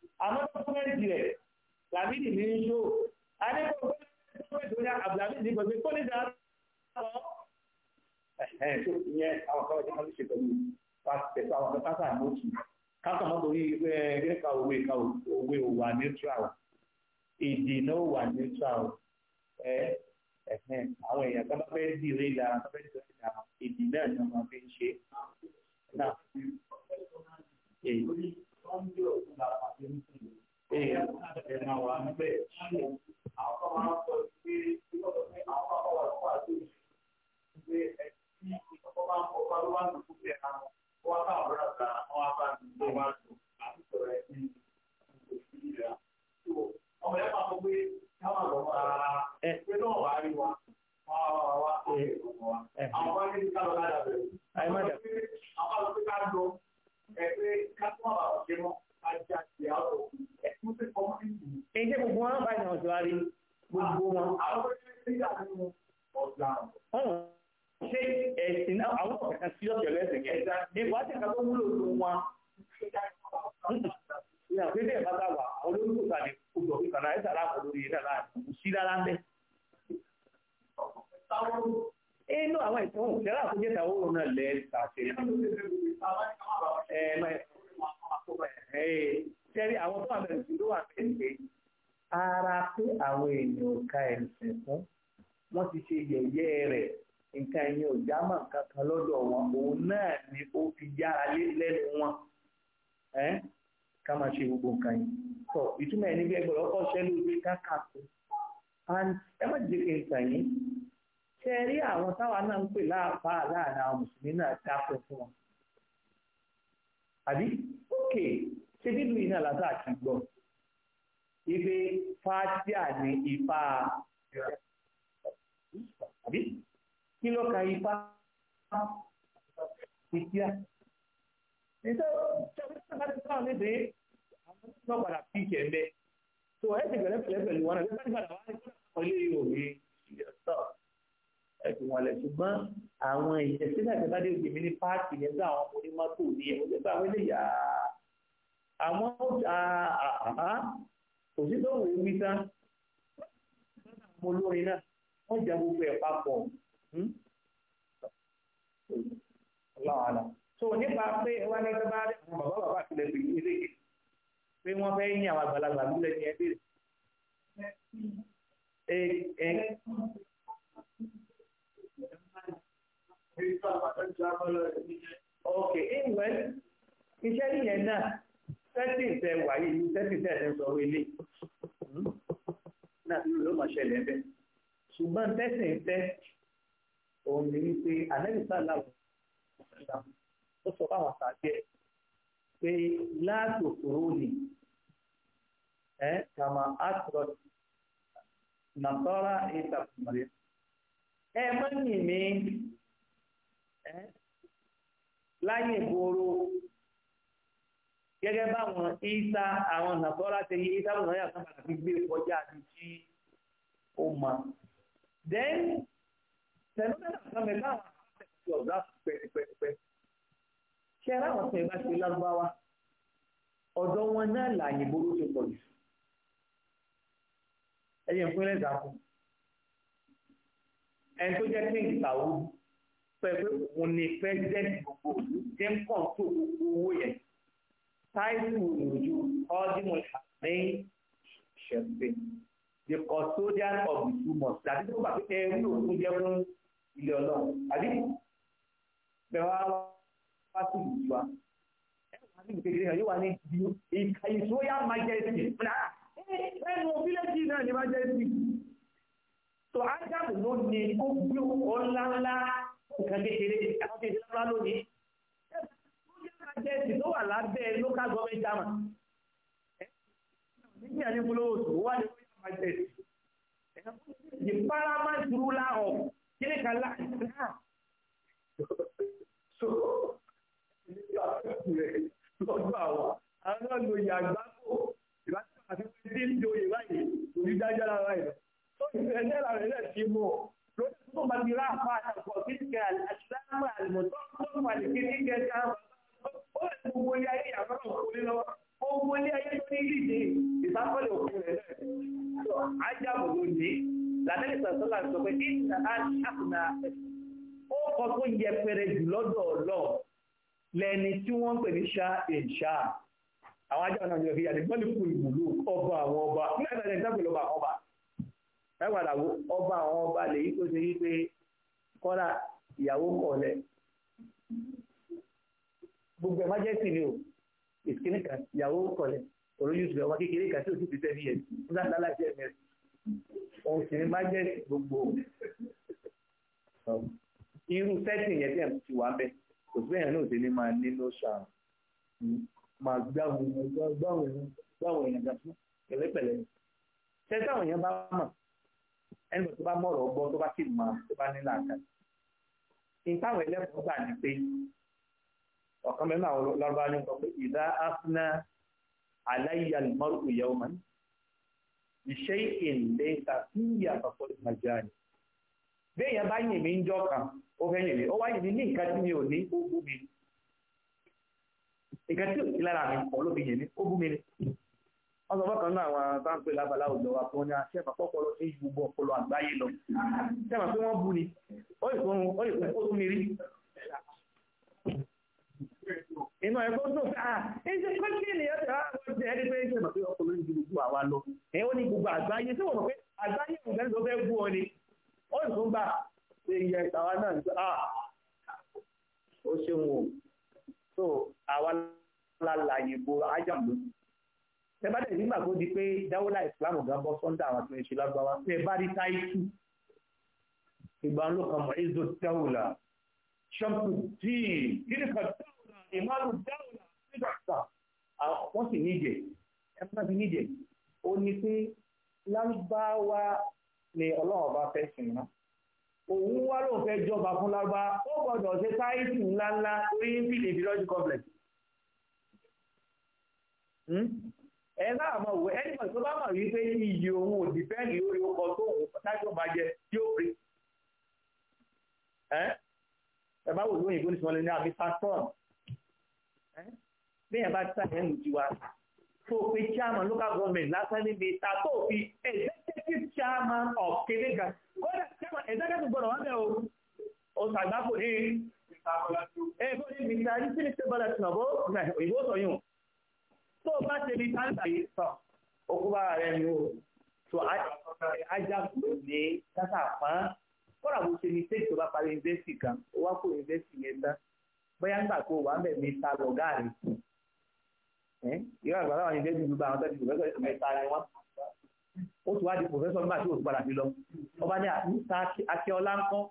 àmọ́ dọ́kúmẹ́ntì rẹ̀ làmídì ní í ṣó ka neutral neutral na sọ́ńdé òkú lára pàṣẹ ní sí ẹ̀ ẹ̀ máa wà níbẹ̀ ṣe àwọn ọmọ máa sọ pé ìgbọ́dọ̀ pé àwọn ọmọ wà lọ́wọ́ àti ìṣe ẹ̀ tí ìkọ̀kọ́ máa ń kọ́ bá ló wà lókù tẹ̀ náà wọ́n bá àwọn ọ̀rọ̀ àgbà wọn bá ní ilé wa lò àti sọ̀rọ̀ ẹ̀ ní ìgbòsíyà. ọmọ ẹ̀ ẹgbẹ́ kásímọ̀ àwọn ọ̀ṣẹ́ mọ́ ajá ti àwọn òkú ẹ̀kún sí ọmọ ìlú. ẹjẹ gbogbo wọn bá ìrìnàjò wa rí gbogbo wọn. àwọn ṣe ẹ̀sìn náà àwọn ọ̀kan sí ọ̀jọ̀ lẹ́sìn yẹn nípa ti ká tó wúlò fún wa. ìyá pé bẹ́ẹ̀ bá dáwà àwọn olórúkọ tàbí kójọ ìkànnà ẹ̀sà láàbọ̀ lórí ẹ̀dá láàbù sí inú àwọn ìtọ́wò lẹ́rà tó jẹ́ta owó náà lẹ́ ṣàṣẹ ṣẹ́rí àwọn tó àbẹ̀rẹ̀ sí ló wà pẹ̀lẹ́ ara pé àwọn èèyàn ka ẹ̀sìn fún wọ́n ti ṣe yẹ̀yẹ́ rẹ̀ nǹkan ẹ̀yìn ò já mọ̀ kankan lọ́dọ̀ wọn òun náà ni ó fi yára lẹ́nu wọn ká máa ṣe gbogbo nǹkan yìí sọ ìtumọ̀ ẹni bí ẹgbẹ̀rún ọkọ̀ ṣẹ́lú ojú ká kà sí ẹ má jẹ́ kí n tàn yín ṣe rí àwọn táwa náà ń pè láàpá láàrin àwọn mùsùlùmí náà dákọ̀ fún wọn. àbí ókè ṣe bílù iná làtà àti gbọ́ ibi fàtíà ní ipa àbí kí ló ka ipa ìkíá. nítorí ṣàbí ṣàbí ṣàbí ṣàbí níbi àwọn tó padà fi ìṣẹ̀ mbẹ́ tó ẹ̀ ti bẹ̀rẹ̀ wọn àbí bá ti padà wá ní ọ̀lẹ́ ìhòòhè ìjọ sọ̀rọ̀ ẹ̀sùn wọn lẹ̀ ṣùgbọ́n àwọn ìṣẹ̀sílẹ̀ tó bá dé ògbèmí ní páàkì yẹn tó àwọn onímọ́tò ní ẹ̀ nípa àwọn eléyà àwọn kò sí tó wù mí tán mo lórin náà wọ́n jẹ gbogbo ẹ̀ papọ̀ hmm? ọlọ́ọ̀la so nípa pé wá ní ẹgbẹ́ bá rí àwọn bàbá bàbá àtìlẹ̀ pé ilé pé wọ́n fẹ́ ní àwọn àgbàlagbà nílẹ̀ ní ẹgbẹ́ rẹ̀. ok ìwẹ̀n iṣẹ́ yìnyẹn náà tẹ́tì tẹ wáyé ní tẹ́tì tẹ́ ẹ̀ sọ wọlé náà ló máa ṣẹlẹ̀ bẹ́ẹ̀ ṣùgbọ́n tẹ́tì tẹ́ òun ni wípé àlẹ́bíṣà làwọn ó sọ fáwọn àtàkẹ́ pé láàtò kúrò ní ẹ kàmá àtúrọ̀ nàtọ́ra ìtàkùn rẹ̀ ẹ mọ́ nìyí láyé ìgboro gẹ́gẹ́ báwọn ìsá àwọn nàtọ́lá ṣe yí ìsá àwọn náírà sábà fi gbé kọjá àti tí ó mọ. then tẹnudẹ́nà kan mẹ́ta àwọn àkọsẹ̀kọ̀sẹ̀ ọ̀gá pẹ̀pẹ̀pẹ̀ ṣe ráwọn tẹ̀ bá ṣe lágbáwá ọ̀dọ̀ wọn náà láàyè boró ti pọ̀ jù. ẹ̀yẹ̀ fún ẹlẹ́dàá kù ẹni tó jẹ́ pé ìgbà wo pẹ̀lú òun ni president gbogbo tí ń kàn tó gbogbo owó yẹn táìsù ìròjú ọdínmọ̀ ìhàmẹ́yìn ṣẹ̀fẹ̀ the custodian of the two mosques àti tó gbà pé ẹrú òkú jẹ́ fún ilé ọlọ́run àbí bẹ̀rẹ̀ wá wá sí ìlú wa àti ìpèkèrè náà yóò wá ní ìka ìṣóyà majesty ẹnu fílẹ̀jì náà ní majesty so adam ló ní ó gbé ọ̀la ńlá nǹkan kékeré àwọn ti ìdílábà lónìí jẹ́sì tó wà lábẹ́ local government chairman nígbà ní polówó tó wà ní local government the paramount ruler of kirikala islam so lọ́dọ̀ àwọn àwọn ọ̀dọ̀ ìyàgbákò ìbáṣepọ̀ àti wọ́n ti ń do ìwáyé onídájọ́ lára rẹ̀ tó ìfẹ́ ẹ̀jẹ̀ lára rẹ̀ ti mú ọ. ثم الذراع قال وتلك الأسلام المتقدم والكريم كان gbogbo ilé ayé yàrá òkúlé lọ́wọ́ gbogbo ilé ayé tó ní ìdíje ìsáfọ́lẹ̀ òkú rẹ̀ náà ajábò ló dé lànàlẹ́ sàtọ́là sọ pé ìnà àṣàkùnà ó kọ tó yẹpẹrẹ jù lọ́dọ̀ ọ̀lọ́ lẹ́ni tí wọ́n ń pè ní ṣá ìṣá àwọn ajábò náà yọ̀ kí yàrá ìgbọ́n ní kùlùkùlù ọba àwọn ọba nígbà tí wọ́n ń ẹwàdà ọba àwọn ọba lèyí tó ṣe yí pé kọ́lá ìyàwó kọ̀ọ̀lẹ̀ gbogbo emergency ni o ìkíní kan ìyàwó kọ̀ọ̀lẹ̀ olóyún ìṣúná ọmọ kékeré kan tí o sì fi sẹ́ni yẹn nígbà tá láti ẹ̀mí ẹ̀sìn òun sì ní emergency gbogbo irú sẹ́tìn yẹn tí ẹ̀ ti wà bẹ́ẹ̀ kò sí ẹ̀yàn náà ṣe ní máa ní ló ṣàrùn máa gbáwọn èèyàn gbáwọn èèyàn gbáwọn èèyàn gàtú pẹ̀lẹ́pẹ̀lẹ́ ṣẹ́tàwọn èèyàn bá mọ̀ ẹnu tó bá mọ̀rọ̀ gbọ́ tó bá sì mọ̀ tó bá nílà àgbà. ìtàwọn ẹlẹ́kọ̀ọ́ gbà ní pé ọ̀kan mẹ́rin àwọn lọ́rọ̀ ní sọ pé ìdá afúná aláìyá lùmọ́rù ìyá ọmọ ìṣe ìlé ìtàkùnyà àpapọ̀ ìmọ̀já ni. béèyàn bá yìn mí ń jọ kan ó fẹ́ yìn mí ó wá yìn mí ní nǹkan tí mi ò ní ó bú mi nǹkan tí ò sí lára mi ọ̀ ló ni wọ́n sọ fọ́kàn náà àwọn táǹpẹ̀ lábàlá òjò wa fún ní aṣẹ́ àpapọ̀pọ̀ lọ sí ju gbogbo ọpọlọ àgbáyé lọ sẹ́mà pé wọ́n bú ni ó lè fún ó lè fún ó tún mi rí inú ẹ̀kọ́ tó fẹ́ à ń ah, ṣe pé kí ènìyàn tẹ̀ wá wọ́n ti ẹni pé ń ṣe mọ̀ pé ọkùnrin ń ju gbogbo àwa lọ ẹ̀ ó ní gbogbo àgbáyé tí wọ́n mọ̀ pé àgbáyé ìgbẹ́ ló fẹ́ bú ọ ni ó lè fún gbà ah, ṣe tẹ bá dẹ̀ nígbà tó di pé dáwọ́lá ìsìlámù gan bọ́ sọ́ńdà àwọn tó ń ṣe lágbáwá tẹ bá rí táìtù ìgbà ń lò kan mọ̀ ézò dáwọ́lá ṣọ́mpù tíì kíríkà dáwọ́lá ìmáàlù dáwọ́lá sídọ̀tà wọ́n sì níjẹ̀ ẹ bá ti níjẹ̀ ó ní pé lágbáwá ni ọlọ́run bá fẹ́ sìn náà òun wá ló fẹ́ jọba fún lágbá ó gbọ́dọ̀ ṣe táìtù ńláńlá orí ń fi lè fi lọ́jọ́ complex. Hmm? ẹ náà mọ̀ wò ẹnìmọ̀ tó bá mọ̀ rí pé iyì òun ò dìpẹ́ǹdì lórí ọkọ̀ tó òun láti ọba jẹ yóò rí ẹ ẹ bá wò lóyìn ìbò nìṣẹ́ wọn lè ní àbí passport ẹ bẹ́ẹ̀ bá ti sàyẹn nù tiwa tó o pe chairman local government lásán níbi ta tó o fi executive chairman of kéréga kódà chairman executive gbọdọ̀ wọn bẹ̀ o o sàgbáfò ní ẹ bó ní mr yìí sí ní state ballot náà bó ìwé sọ yìí o tó bá ṣe bí táǹtà yìí sọ okú bára rẹ ni o tó ajagun ní dáta pọ́n kọ́ra bó ṣe ní tẹ́tì tó bá parí yunifásitì kan ó wá kó yunifásitì yẹn tán bóyá nígbà tó wà ń bẹ̀ mí ta lọ gáàrí ìyá àgbà láwọn yunifásitì gbogbo àwọn tẹ́tì pòfẹ́sọ̀ ìtàn mẹ́ta ni wọ́n ó ti wá di pòfẹ́sọ̀ nígbà tí òun padà fi lọ ọba ní àtúntà akíọ́lá ń kọ́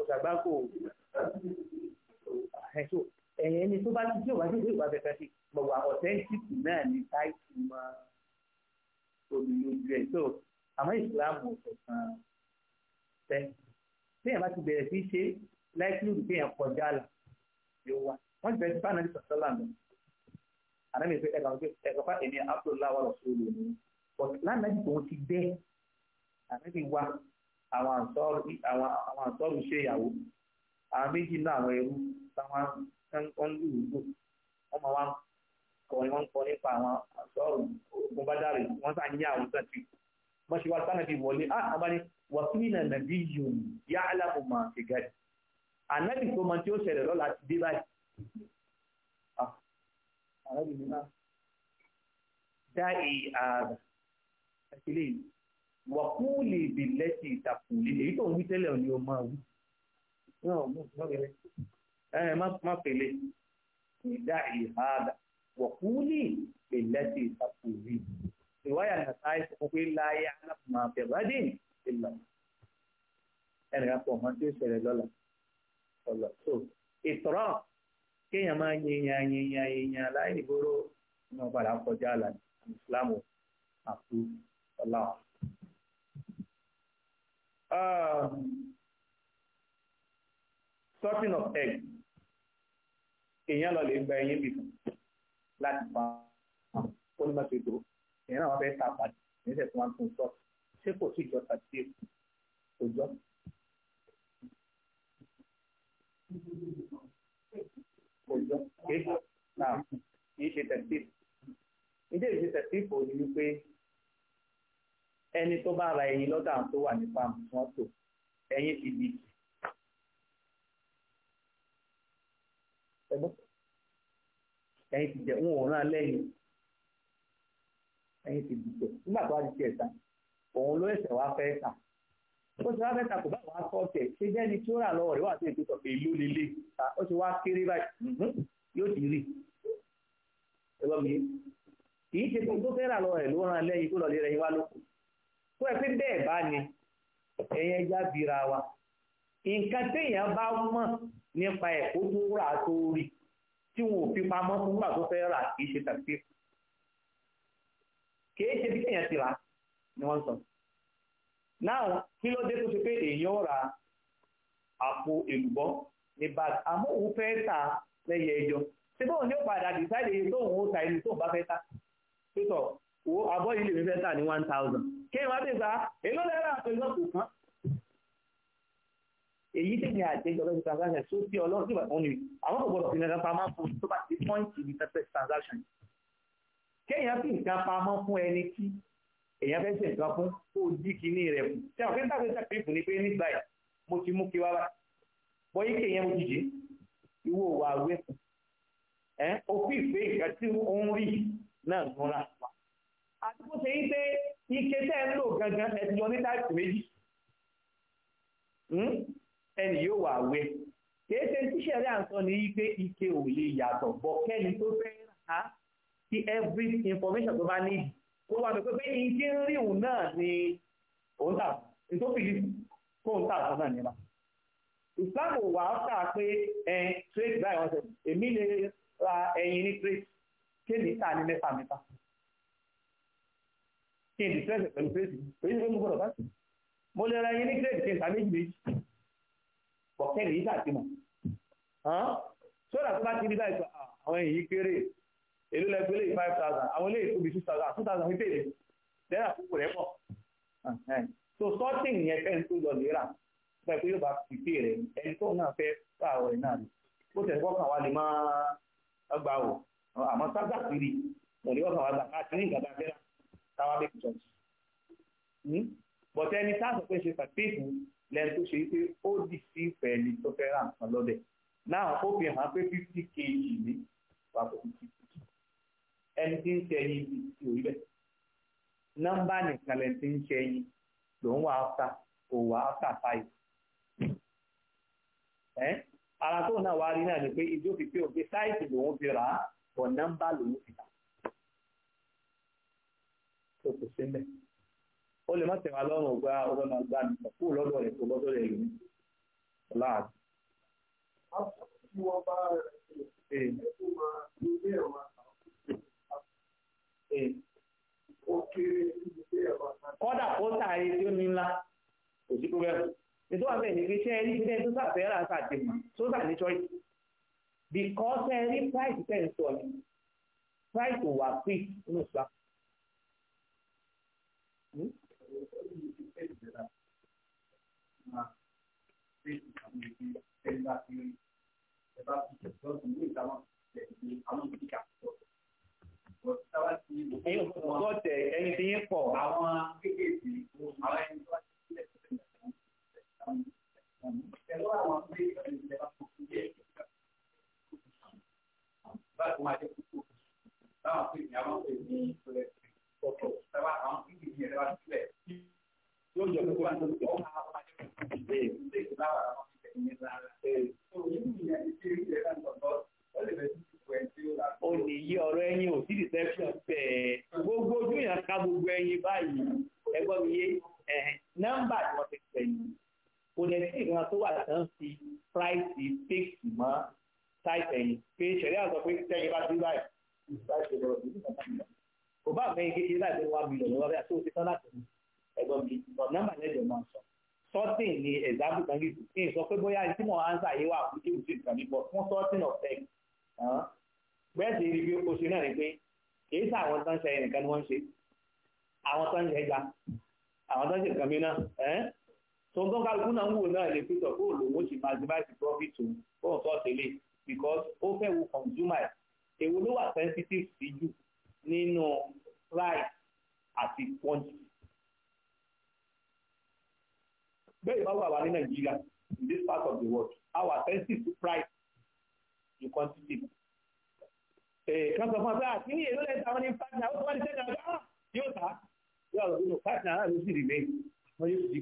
ọ̀sàgbákò ẹ̀ṣọ́ ẹ̀yìn ni tó bá ti tí òwájú ìwé ìwà bẹ̀rẹ̀ sí gbọ̀wọ̀ àwọ̀tẹ́ńtìkì náà ní táìsì mọ́ olùyọjú ẹ̀ tó àmọ́ ìsìláàmù ọ̀sán tẹ́ téèyàn bá ti bẹ̀rẹ̀ sí ṣe láìpínlẹ̀ téèyàn kọjá là yóò wá wọ́n ti bẹ̀rẹ̀ sí fáwọn ẹ̀sán sọ́là lọ. àná mi fẹ́ ẹ̀ka ọ̀gbẹ́ ẹ̀ka fá èmi abdullahi wà lọ́sọ̀ olè mi but lánàá jù tòun ti bẹ́ àná ti wá àwọn àǹsọ́ọ̀rù ṣe ìyàwó àwọn méjì náà àwọn ẹrú táwọn wọ́n lù ú lò wọ́n máa wá kọrin wọ́n kọ nípa àwọn àṣọrò ogun bá dàrú wọ́n ní àwọn sàn tí wọ́n ṣe wá sànà bí wọlé á abáni wàkúnìnà nàbí yòó yá aláàbò máa fi gàdì ànábì tó máa tí ó ṣẹlẹ̀ lọ́la ti dé báyìí. Ah, ànábì ní náà dá èyí ààrẹ àti lè wàkúùlì ìbílẹ̀ ti ìtàkùn èyí tó ń wí tẹ́lẹ̀ ni ó máa ẹ má pèlè ìdá ìhàdà wọ̀kúlì ìlẹ́sì ìsàkùnrin ìwáyà nàta ìsọ̀kún pé láyé alápùmọ̀ àbẹ̀bádìn ìlọ ẹnìkan pọ̀ mọ́ tí ó ṣẹlẹ̀ lọ́la ọ̀lọ́ so ìtọ́rọ̀ kéèyàn máa yẹnyàn yẹnyàn yẹnyàn láì ìgboro ní wọn padà kọjá àlàyé ìsìlámù àkú ọ̀la. Um, sorting of eggs èèyàn lọ lè gba ẹyin bìkan láti pa ó ní mọ́tò ìdúró èèyàn náà wọ́n fẹ́ ta padà níṣẹ́ tí wọ́n tún sọ ṣé kò sí ìjọ tàbí kò jọ. kò jọ pé náà kìí ṣe tẹ̀sí ìdí èyí tẹ̀sí kò ní wípé ẹni tó bá ra ẹyin lọ́dà tó wà nípa mọ́tò ẹyin ti di ẹgbọ́n ẹ̀yin ti jẹ ń wò rán lẹ́yìn ẹ̀yin ti dìbò nígbà tó wá di tiẹ̀ ta òun ló wá fẹ́ ta ó ti wá fẹ́ ta kò bá wàá kọ́ tẹ̀ ṣé jẹ́ni tí ó rà lọ́wọ́ rẹ̀ wà sí ètò sọ ta ó ti wá kéré báyìí yóò ti rí ẹgbọ́n mi kì í ṣe pé tó fẹ́ rà lọ́wọ́ rẹ̀ ló rán lẹ́yìn tó lọ́ọ́ nípa ẹ̀kọ́ tó rà tó rí tí wọn ò fi pamọ́ fún gbà tó fẹ́ rà kì í ṣe tàbí kì í ṣe bí kéèyàn ti rà ni wọ́n sọ. náà kí ló dé tó ṣe pé èèyàn ra àpò èlùbọ́ ní báàgì àmọ́ òun fẹ́ tà lẹ́yẹ ẹjọ́ ṣé bóun ní ó padà dìsáìdì èyí tóun ó ta ẹni tóun bá fẹ́ tà pétọ̀ owó abọ́ yìí lèmi fẹ́ tà ní one thousand kéèyàn wá dé sá èló lẹ́rà àpò ìlọ́kùn kan èyí tí ni àjẹjọ lọ́sí transaction tó tí ọlọ́run síbà òun ni àwọn kò gbọdọ̀ fi nǹkan pamọ́ fún tó bá ti pọ́ǹtì ní pẹ́pẹ́ transaction kéèyàn fi nǹkan pamọ́ fún ẹni tí èèyàn fẹ́ ṣe nǹkan fún kó o dí kinní rẹ̀ fún tí àwọn kẹ́ńtà fẹ́ sàkírífù ni pé nígbà yìí mo ti mú kí wá báyìí bọ́ yìí kéèyàn mo jìjì ìwọ wà wé fún ẹ òfin ìfẹ́ ìgbà tí ó ń rí náà gbọ́nra wa ṣe ẹni yóò wà wẹ̀ kìí ṣe tíṣẹ́ rẹ̀ à ń sọ ní pé ike ò lè yàtọ̀ bọ̀ kẹ́ni tó fẹ́ rà á sí every information tó bá níbi kó wà pé pé ike ń ríhùn náà ni òun tà tó fi kó òun tà fún náà nípa Islam ò wà á kà pé ẹ trade by one seven èmi lè ra ẹyin ní trade kéèdì tà ní mẹ́fà mẹ́fà kéèdì tẹ́sẹ̀ pẹ̀lú trade èyí ló ń gbọ́dọ̀ bá sí mo lè ra ẹyin ní trade kéèdì tà méjì méjì bọ̀kẹ́lì yìí sàtìmọ̀ sódà tó bá ti rí báyìí sọ ah, àwọn èyí kéré èlò lẹ́gbẹ́ lè five thousand àwọn eléyìí tóbi two thousand two thousand fi tèlé lẹ́yìn àkókò rẹ̀ pọ̀ so sorting yẹn fẹ́ tó lọ lè rà pé pé yóò bá pìpé rẹ̀ ẹni tó náà fẹ́ bá ọ̀rọ̀ ẹ̀ náà rí bó tẹ̀ fọ́kàn wa lè máa gbà wò àmọ́ sábà kiri pẹ̀lú ọ̀kan wa gbà káàkiri nǹkan tá a táwa bẹ́ẹ̀ kì lẹ́nu tó ṣe pé ó dì sí ìfẹ́ ẹni tó fẹ́ pé kg ní papọ̀ fifty kg ẹni tí ń ṣe ẹyin ibi tí ò rí bẹ́ẹ̀ nọ́mbà nìkan lẹ́ni tí ń ṣe ẹyin lòún wà na kò wà ni pé ijó fi pé ó lè má tẹ̀wá lọ́rùn ọgbà ọgbà ah, máa gbà ní ọ̀pọ̀ kúrò lọ́dọ̀ rẹ̀ tó bọ́tọ̀ rẹ̀ yìí láàbù. kọ́dà kó sàárè tí ó ní ńlá kò sí kó bẹ́ẹ̀ ètò àbẹ̀ ní fi ṣe ẹni fi dẹ́n tó sàfẹ́ rà sàdìmọ̀ tó sà ní choice because ẹni price ten sọ ni price wà quick nù sá ẹ̀yin ọ̀gọ́tẹ̀ ẹ̀yin ti yín pọ̀ àwọn price in quantity eh, kan sọ fún ọgbà àti ní èlò lẹ́sẹ̀ àwọn ní five naira ó wá ní ten naira ah yóò ta yóò lọ nínú five naira ló sì rí lẹ́yìn wọn yóò di.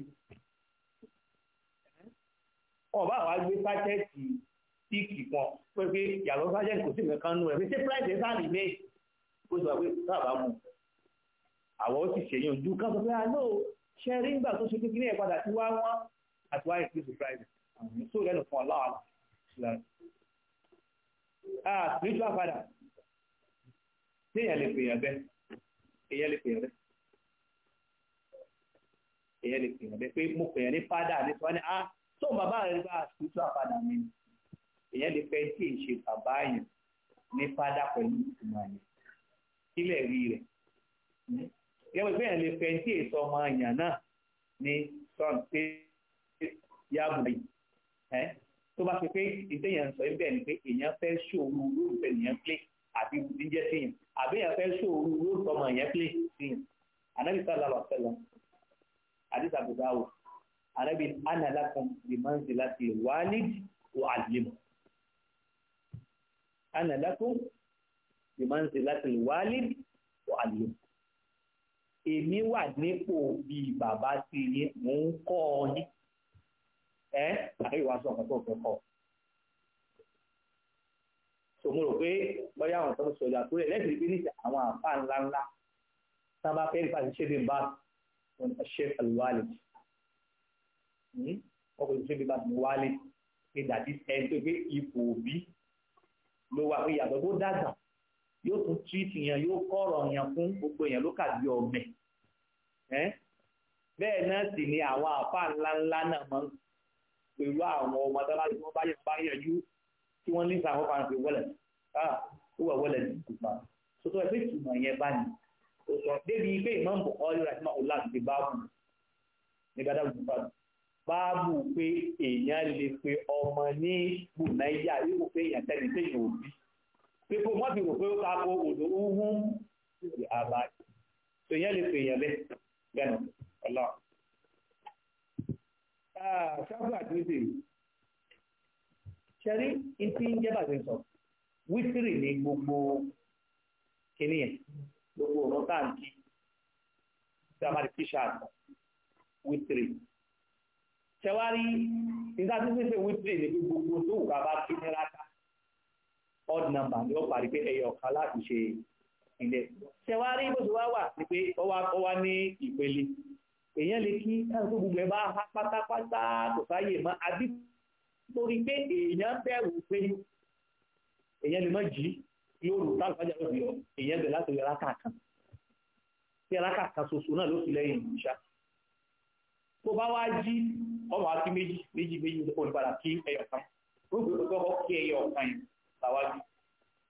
ọba àwa gbé pákẹ́ẹ̀tì tíìkì kan pé pé yàtọ̀ pákẹ́ẹ̀tì kò sí nǹkan nù ẹ̀ pé ṣé price ẹ̀ sáà lè lé ó sọ pé sábà mu àwọn ó sì ṣèyàn ojú kan sọ pé ah, àlọ́ tó ṣe kékeré ẹ̀ padà tí wá wọ́n àti wá ìpínlẹ̀ price so lẹ́nu fún ọlọ́wàlá Islam ah spiritual father tí èèyàn lè pèèyàn bẹ́ èèyàn lè pèèyàn bẹ́ èèyàn lè pèèyàn bẹ́ pé mo pèèyàn ní father ní sọ́ni ah tó bàbá rẹ̀ gba spiritual father mi èèyàn lè fẹ́ tí ì ṣe bàbá yẹn ní father pẹ̀lú ìtumọ̀ yẹn kílẹ̀ rí rẹ̀ yẹ́wọ́ ìgbé yẹn lè fẹ́ tí èso ọmọ èèyàn náà ní sọ́n pé yàgùn ẹ̀ tó bá ṣe pé ìtẹ̀yàn sọ ibẹ̀ ni pé èèyàn fẹ́ ṣòro lórúkọ ènìyàn plé àti ìdíjẹ́ sí yẹn àbí èèyàn fẹ́ ṣòro lórúkọ ọmọ èèyàn plé sí yẹn anabi sallallahu alaihi wasallam àdìsá àbùdáwò anabi analakum bi manzilati walid wa alimu analakum bi manzilati walid wa alimu èmi wà nípò bíi bàbá sí yín mò ń kọ́ ọ yín ẹ́ àtẹ́wò aṣọ ọ̀kan tó fẹ́ kọ́ so mo rò pé bóyá àwọn tọ́lú sọ̀rọ̀ àkúrò ẹ̀ lẹ́sìn bí níṣẹ́ àwọn àfa ńlá ńlá tá a bá fẹ́ nípa ṣe bí bá wọn ṣe pẹ̀lú wálé wọn kò ṣe bí bá wọn wálé pé dàbí ẹni tó gbé ipò òbí ló wà pé yàtọ̀ tó dàgbà yóò tún tíìtì yẹn yóò kọ̀rọ̀ yẹn fún gbogbo yẹn ló kà bí ọbẹ̀ bẹ́ẹ̀ náà sì ni àwọn àfa ńlá ńlá náà máa ń pẹ̀lú àwọn ọmọ dára tí wọ́n bá yẹ bá yẹjú tí wọ́n ní sàkókò àwọn pé wọ́lẹ̀ ah, ó wà wọ́lẹ̀ ní ìgbà sọ́tọ́ ẹgbẹ́ ìtumọ̀ yẹn bá ní ó sọ débi pé Imam Bukhari rahima Allah ti báàbù ní gádà bùkárì báàbù pé èèyàn lè pe ọmọ ní bùnáyà wíwò pé èèyàn tẹ́lẹ̀ tẹ́lẹ̀ òbí pé kó mọ́ ti rò pé ó ta ko òdò òhún àbá èèyàn lè pe èèyàn bẹ́ẹ̀ ọlọ́run ṣáfù àdúrósè ṣẹ́rí ìtí ń jẹ́ bàtí sọ wítìrì ní gbogbo kìíní yẹn gbogbo ọ̀rọ̀ táǹkì gbàmàdì tíṣàtì wítìrì ṣẹwárí ìdájú ṣíṣe wítìrì ní gbogbo tó wùkà bá tún ní rárá odd number ni ó parí pé ẹyọ ọ̀kan láti ṣe ilé ṣẹwárí bó ṣe wá wà ní pé ó wá ní ìpele èèyàn lè kí ẹ̀rọ tó gbogbo ẹ̀ bá há pátápátá kò sáyè mọ́ àbí torí pé èèyàn bẹ̀rù pé èèyàn lè má jí lóru táwọn ìfàjà lọ́sì yọ èèyàn bẹ̀ láti yọra kàkan tí yọra kàkan ṣoṣo náà ló fi lẹ́yìn ìṣá tó bá wá jí ọmọ àti méjì méjì méjì olùpadà kí ẹyọ kan gbogbo gbogbo kí ẹyọ kan yìí tàwájú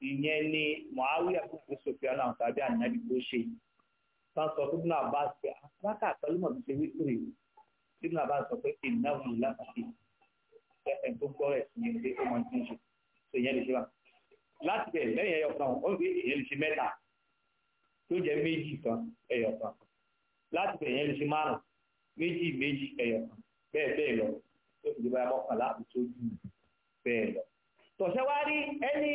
ìyẹn ni Muawiya àti Sufyan náà tàbí ànábì tó ṣe yìí wọ́n sọ fún ibùnà abbas pé àbákà àtọ́lùmọ̀ ti ṣe wítìrì ibùnà abbas sọ pé ìnáwó láti ṣe ẹ̀ tó gbọ́ ẹ̀ sí ilé tó máa ń ṣe tó yẹn lè ṣe wà. láti bẹ̀ lẹ́yìn ẹyọ kan ó fi ìyẹn lè ṣe mẹ́ta tó jẹ́ méjì kan ẹyọ kan láti bẹ̀ yẹn lè ṣe márùn méjì méjì ẹyọ kan bẹ́ẹ̀ bẹ́ẹ̀ lọ tó fi dìbò mọ́kànlá ìtọ́jú bẹ́ẹ̀ lọ. tọ̀sẹ̀ wá rí ẹni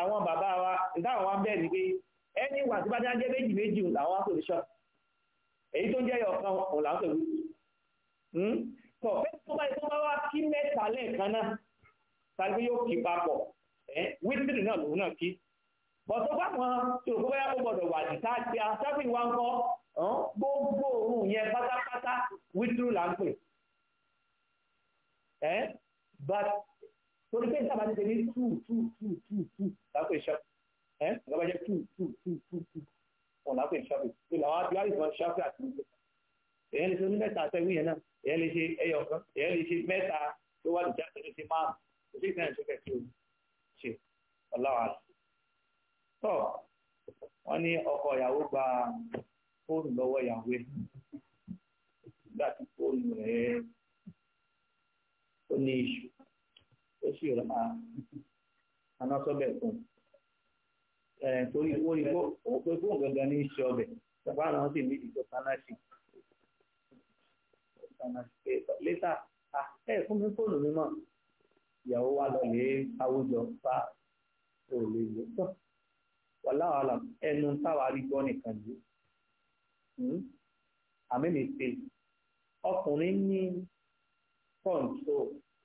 àwọn bàbá wa ìdáhùn wa bẹ́ẹ̀ ni pé ẹni wà tí bá dá jẹ́ méjì méjì làwọn wá pèlú èyí tó jẹ́ ọ̀kan òun làwọn pèlú tọ̀ pé tó bá tó bá wá kí mẹ́ta lẹ́ẹ̀kan náà tàbí yóò kí papọ̀ wítìrì náà lòun náà kí bọ̀tọ̀ fáwọn tí òkú báyà ó gbọ́dọ̀ wà níta àti asábìn wa ń kọ́ gbogbo òun yẹn pátápátá wítìrì là ń pè but torí pé ìjàmbá ti ṣe ní two two two two two lápò ìṣọ́ọ̀tì ẹ́ ọ̀gá jẹ́ two two two two two wọn là á pè ní ṣáfì tó làwọn abiyari kan ṣáfì àti ìgbẹ́ èyàn lè ṣe onímẹ́ta àtẹ́wé yẹn náà èyàn lè ṣe ẹyọ kan èyàn lè ṣe mẹ́ta tó wà lùjá tó lè ṣe márùn kò sí ìtàn ìṣẹ́fẹ́ tí o ṣe ọ̀làwà rẹ̀ tọ́ wọ́n ní ọkọ ìyàwó gba fóònù lọ́wọ́ ìyàwó ẹ̀ nígbà tí fóònù rẹ̀ ó ní iṣu ó sì rà á aná sọ́bẹ̀ fún un. Eh, torí owó ni ó pè fún gangan ní iṣẹ́ ọbẹ̀ bàbá àwọn sì ní ìjọ panashi lẹ́tà ẹ fún mi fóònù mi mọ̀ ìyàwó wa lọ lè àwùjọ fa òòlù ìlú tán wàláwàlà ẹnu táwa rí gbọ́ nìkan jù hmm? àmì mi pé ọkùnrin ní kọ́ńtò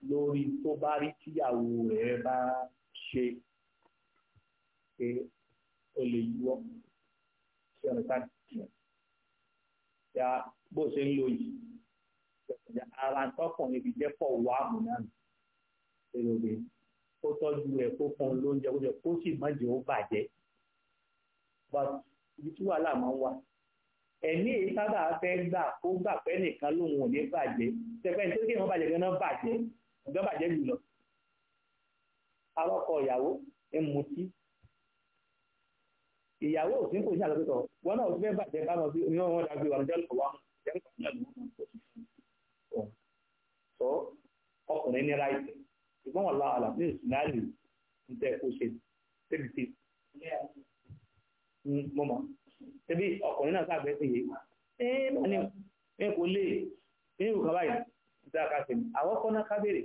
lórí tó bá rí tíyàwó rẹ̀ bá ṣe o lè yíwọ́ sí ọ̀nà sáà tìǹà ya bó ṣe ń lo yìí ara tọkùnrin fi jẹ́ pọ̀ wá àmúná nù èròbìnrin kó tọ́jú rẹ̀ kó fún un lóúnjẹ kó jẹ kó sì má jẹ́ ó bàjẹ́ but ibi tí wàhálà máa ń wà ẹ̀mí èyí sábà fẹ́ gbà kó gbà pé nìkan lòun ò ní bàjẹ́ tẹ̀fẹ́ nítorí kí wọ́n bàjẹ́ gan-an bàjẹ́ ọ̀gá bàjẹ́ jùlọ. awọ́kọ̀ ìyàwó ń mutí ìyàwó òsín kò ní àlọ́pẹ́tọ̀ wọn náà fẹ́ bàjẹ́ báwọn sí ní wọn dàgbé wà lọ́jọ́ lọ́wọ́ sọ ọkùnrin ní ráìtì ṣùgbọ́n wọn láàlà ní ìsìnláàlì ń tẹ kó ṣe tẹ́bi tí hmm, mo mọ̀ tẹ́bi ọkùnrin náà sábẹ́ sí yìí ẹ máa ní ẹ kò lè ní ìrù kan báyìí ń tẹ́ àká sí àwọn kọ́ná kábèrè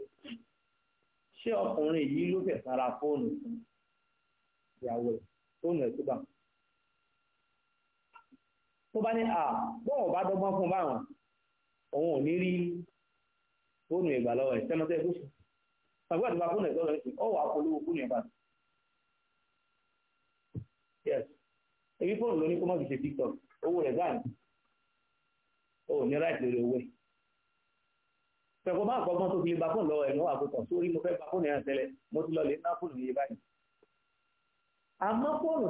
ṣé ọkùnrin yìí ló fẹ̀ sára fóònù fóònù ẹ̀ tó bá wọn tó bá ní à bọ́ọ̀ bá dọ́gbọ́n fún báwọn òun ò ní rí fóònù ìgbà lọ́wọ́ ẹ̀ tẹ́mọ́tẹ́ fóṣù tàbí àti bá fóònù ẹ̀ lọ́wọ́ ẹ̀ ọ̀ wà polówó fóònù ìgbà yes èyí fóònù ló ní kó má fi ṣe tiktok owó rẹ̀ gáà ní o ò ní ráìtì lórí owó ẹ̀ pẹ̀kọ́ bá àkọ́gbọ́n tó fi gba fóònù lọ́wọ́ ẹ̀ lọ́wọ́ àkókò sórí mo fẹ́ gba fóònù ẹ̀ tẹ́lẹ̀ mo ti lọ lè ná fóònù yìí báyìí àmọ́ fóònù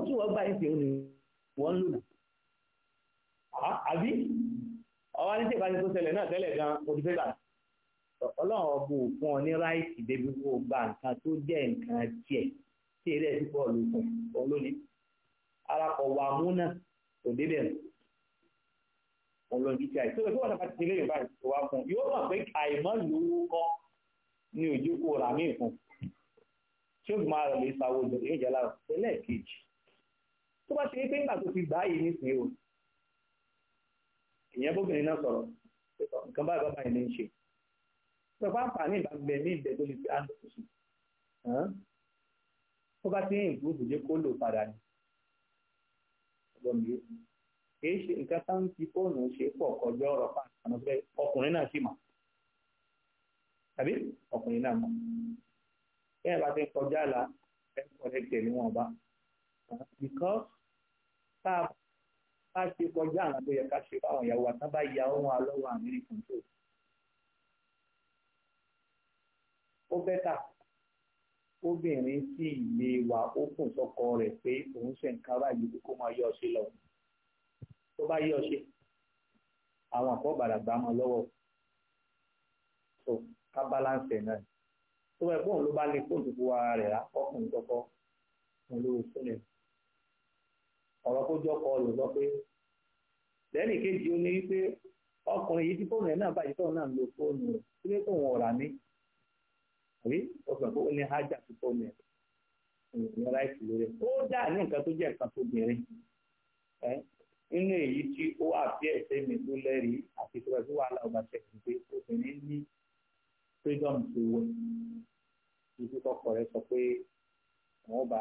Ah, àbí ọwọ́ ní tèbá ti tó ṣẹlẹ̀ náà tẹ́lẹ̀ gan odùfẹ́gbà ọlọ́run ọgbọ òfin ọ ní ráìtì débi kó gba nǹkan tó jẹ́ nǹkan tiẹ̀ tí eré ẹ̀sìn pọ̀ ló fún ọ lónìí arakọ̀ wà múnà kò débẹ̀ ọlọ́run dúkìá yìí tó lọ sí wọn sábàtì ilé yorùbá ìwà fún yóò mọ̀ pé àìmọ́ lówó kọ́ ní ojú kó rà mí fún tí ó máa rẹ̀ lè sáwọ́ ìjọba ìjọba tẹ́lẹ̀ kejì tó bá ṣe é pé nígbà tó ti gbá yìí nísìnyí ìyẹn bóbìnrin náà sọ̀rọ̀ nǹkan báyìí bá báyìí ní í ṣe sọ fún àǹfààní ìbàgbẹ́ ní ìbẹ̀ tó lè fi àǹtí tuntun tó bá ti ń ìgbóhùn jẹ́ kó lò padà ní ọgbọ̀nbí kì í ṣe nǹkan tá ń fi fóònù ṣe pọ̀ kọjá ọ̀rọ̀ fáànù pé ọkùnrin náà sì mọ̀ tàbí ọkùnrin náà mọ̀ bí ẹ bá ti kọjá la ẹ kọ̀ ẹ tẹ̀lé wọn bá because tá a bá ká ṣe kọjá àwọn tó yẹ ká ṣe fáwọn ìyàwó wa tán bá ya ohun alọ́wọ́ àmì ìkùntò. ó bẹ́tà obìnrin tí ilé wa ó kùn sọ́kọ rẹ̀ pé òun ṣe nǹkan báyìí bí kó máa yọ ọ sí lọ tó bá yọ ọ sí àwọn àpò gbàdàgbà mọ lọ́wọ́ so ká balance ẹ náà tó bá ẹ̀gbọ́n ló bá lè fóònù tó wà rẹ̀ rà ọkùnrin kọ́kọ́ òun ló ọ̀rọ̀ kó jọ kọ lò lọ pé lẹ́nì kejì ó ní wípé ọkùnrin yìí tí fóònù ẹ̀ náà bàjẹ́ tóun náà ń lo fóònù rẹ̀ tí wọ́n tóun ọ̀rà ní àbí ọkùnrin tó ní hájà tó fóònù ẹ̀ ìyẹn láìsí lórí ẹ̀ ó dà ní nǹkan tó jẹ́ nǹkan tó bẹ̀rẹ̀ ẹ̀ nínú èyí tí ó wà bí ẹ̀sẹ̀ mi tó lẹ́rìí àti ìṣòro tó wà láwùjọ ṣẹ̀kùn pé obìnrin ní freedom to wẹ̀ ibi kọ́kọ́ rẹ̀ sọ pé wọ́n bá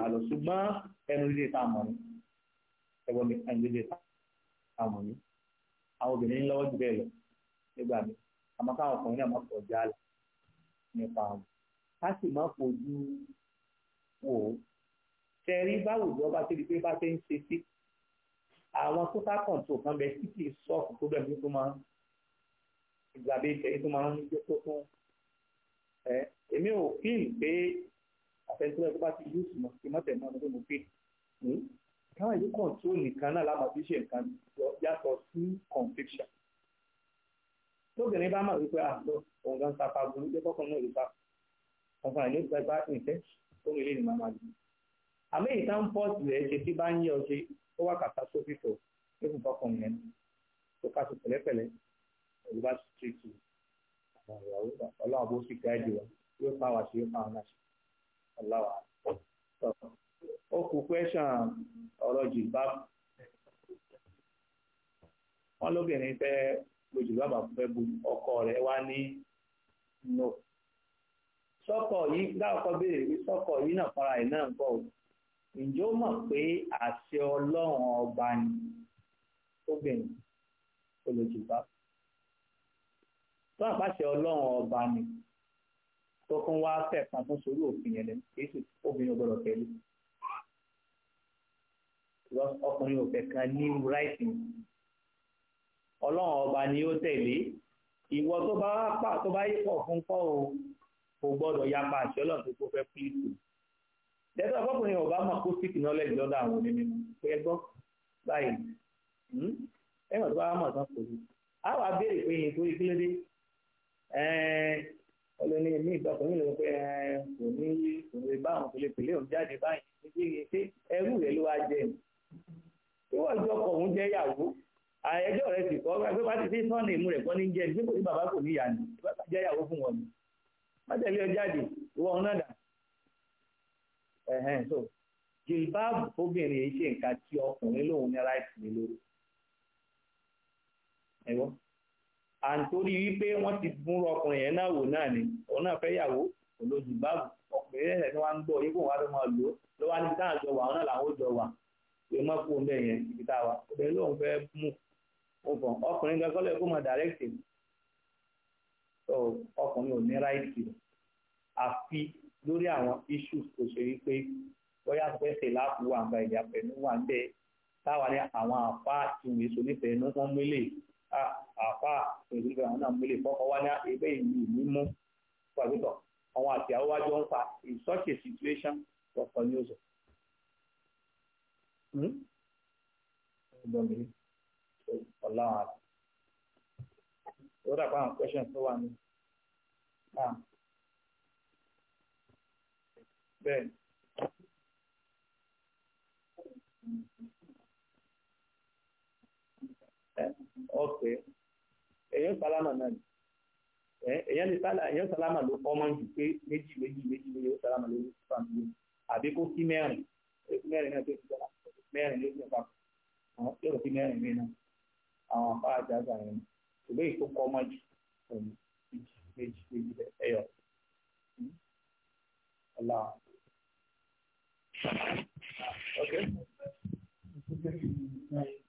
wà ṣùgbọ́n ẹnu ilé tá àwọn ní àwọn obìnrin ń lọ́wọ́ jù bẹ́ẹ̀ lọ nígbà mi àmọ́ káwọn ọkùnrin náà má pọ̀ já lọ nípa àwọn ká sì má fojú wò ó tẹ̀rí báwùjọ bá ti di pé bá ti ń ṣe sí àwọn total control kan bẹ tí kìí sọ́ọ̀kù problem tó máa ń gbàgbé ìtẹ̀rí tó máa ń jó tó fún ẹ èmi ò fíìmù pé àfẹnusọ́lẹ̀ tó bá ti yúùsù mọ̀ sí mọ́tẹ̀ náà ló mú fíìmù káwọn ìlú control nìkan náà lábàá fi ṣe nǹkan yàtọ̀ sí conviction tóbìnrin bá máa wípé àlọ́ ah, òun gan sapa burú pé kọ́kàn náà ìfà ọ̀fọ̀n àìní ìgbà ìgbà ìfẹ́ omi ilé ni màmá yìí àmì ìta ń pọ̀ sí ẹ̀ ṣe tí bá ń yẹ ọṣẹ ó wà kàtà sófìfò tó fún kọ́kàn yẹn tó ká sí pẹ̀lẹ́pẹ̀lẹ́ ẹ̀rù bá ti tì tì àwọn ìyàwó ọlọ́run bó sì gáàjì wa yóò pa wá sí yóò pa wọn náà sí ọlọ́run àti ọ̀ ó kù kwẹ́sàn ọ̀rọ̀ jìbáàbù wọ́n lóbìnrin fẹ́ fẹ́ bu ọkọ rẹ̀ wá ní no sọ́kọ̀ yìí dáwọ́kọ́ béèrè wí sọ́kọ̀ yìí náà fara ẹ̀ náà ń bọ̀ ǹjẹ́ ó mọ̀ pé àṣẹ ọlọ́run ọba ni obìnrin olùjìbá tó àpàṣẹ ọlọ́run ọba ni tó kún wá fún sórí òfin yẹn lẹ́nu obìnrin ò tẹ̀lé ọkùnrin ò fẹ́ kan new writing ọlọ́run ọba ni ó tẹ̀lé ìwọ tó bá pà tó bá yípọ̀ fún pọ́ o kò gbọ́dọ̀ yapa àti ọlọ́run tó kó fẹ́ pílìtì dẹ́tọ̀ ọkùnrin ọba mọ̀ kó sí knowledge lọ́dọ̀ àwọn onímọ̀ pé ẹ gbọ́ báyìí hmm? ẹ̀wọ̀n tó bá mọ̀ tán kò ní a wà béèrè pé yìí torí kí ló dé ọlọ́ni èmi ìgbàkùnrin ló pé kò ní kò ní bá àwọn pèlè pèlè òun jáde báyìí ẹrú rẹ̀ ló wá jẹ́ mi. tí wọ́n ọkọ̀ òun jẹ́ ìyàwó ẹjọ́ rẹ̀ sì kọ́ ẹgbẹ́ bá ti sí sọ́ọ̀nì ìmú rẹ̀ kọ́ ní jẹ́ ní ní bàbá kò ní ni bá ti jẹ́ ni tẹ̀lé ọ̀hún náà dà so obìnrin yìí ṣe nǹkan tí ọkùnrin lòun ní lórí ẹ̀wọ́ à ń torí wípé wọ́n ti ọkùnrin yẹn náà wò náà ni òun náà fẹ́ ọkùnrin yẹn ni wọ́n ń gbọ́ pé má kú ọmọ yẹn ibi tá a wà obìnrin lóun fẹ́ mú ọkàn ọkùnrin gan kọ́lẹ̀ kó mọ̀ dàrẹ́kìtì so ọkùnrin ò ní ráìtì àfi lórí àwọn issues tó ṣe wípé bóyá pẹ́sẹ̀ láàpù wà nǹkan ìjà pẹ̀lú wà ń bẹ́ẹ̀ táwa ní àwọn àfa ìwé so nífẹ̀ẹ́ inú wọn mélèé àfa pẹ̀lú ìgbà wọn náà mélèé fọ́kọ́ wá ní ẹgbẹ́ ìlú mímú pàgbẹ́tọ̀ àwọn àti àwọn wájú ń fa in such a situation ọkọ̀ ní oṣù Hmm? ọlọ́run ó dàpọ̀ àwọn questions tó wà ní. Ah. bẹ́ẹ̀ ọ̀pẹ́ eh, èyàn sálámà náà ni èyàn eh, lè sálà èyàn sálámà ló kọ́mọ́ jù pé méjì méjì méjì méjì ó sálámà lórí fàmìlì àbí kó kí mẹ́rin mẹ́rin náà tó ti sálámà mẹ́rin ló ṣe papọ̀ àwọn kérò sí mẹ́rin mi náà àwọn afá àjàgbà yẹn ṣùgbọ́n ìkókọ ọmọ jù òun méjì méjì ẹyọ. Okay.